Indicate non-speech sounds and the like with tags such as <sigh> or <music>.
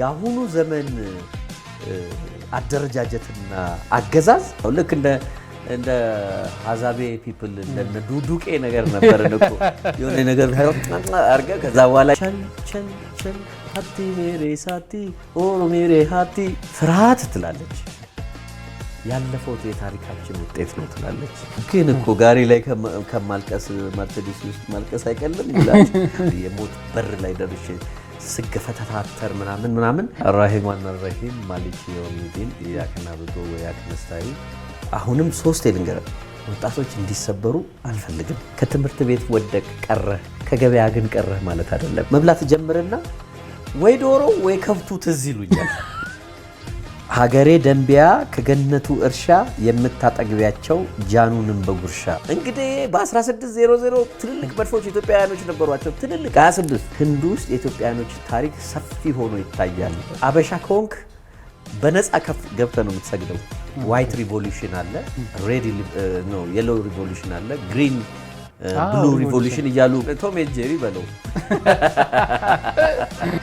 የአሁኑ ዘመን አደረጃጀትና አገዛዝ ልክ እንደ እንደ ሀዛቤ ፒፕል እንደ ዱዱቄ ነገር ነበር እኮ የሆነ ነገር አድርገህ ከዛ በኋላ ቸንቸንቸን ሀቲ ሜሬ ሳቲ ኦሮሜሬ ሀቲ ፍርሃት ትላለች። ያለፈው የታሪካችን ውጤት ነው ትላለች። ግን እኮ ጋሪ ላይ ከማልቀስ መርሴዲስ ውስጥ ማልቀስ አይቀልም ይላል። <laughs> የሞት በር ላይ ደርሼ ስገፈተታተር ምናምን ምናምን ራሂማን ራሂም ማሊክ የሚዲን ኢያክና ብቶ ወያክ መስታዊ አሁንም ሶስት የልንገረ ወጣቶች እንዲሰበሩ አልፈልግም። ከትምህርት ቤት ወደቅ ቀረህ፣ ከገበያ ግን ቀረህ ማለት አይደለም። መብላት ጀምርና ወይ ዶሮ ወይ ከብቱ ትዝ ይሉኛል። ሀገሬ ደንቢያ ከገነቱ እርሻ የምታጠግቢያቸው ጃኑንም በጉርሻ። እንግዲህ በ1600 ትልልቅ መድፎች ኢትዮጵያውያኖች ነበሯቸው። ትልልቅ 26 ህንድ ውስጥ የኢትዮጵያውያኖች ታሪክ ሰፊ ሆኖ ይታያል። አበሻ ከሆንክ በነፃ ከፍ ገብተ ነው የምትሰግደው። ዋይት ሪቮሉሽን አለ፣ ሬድ የሎ ሪቮሉሽን አለ፣ ግሪን ብሉ ሪቮሉሽን እያሉ ቶም ጄሪ በለው <laughs>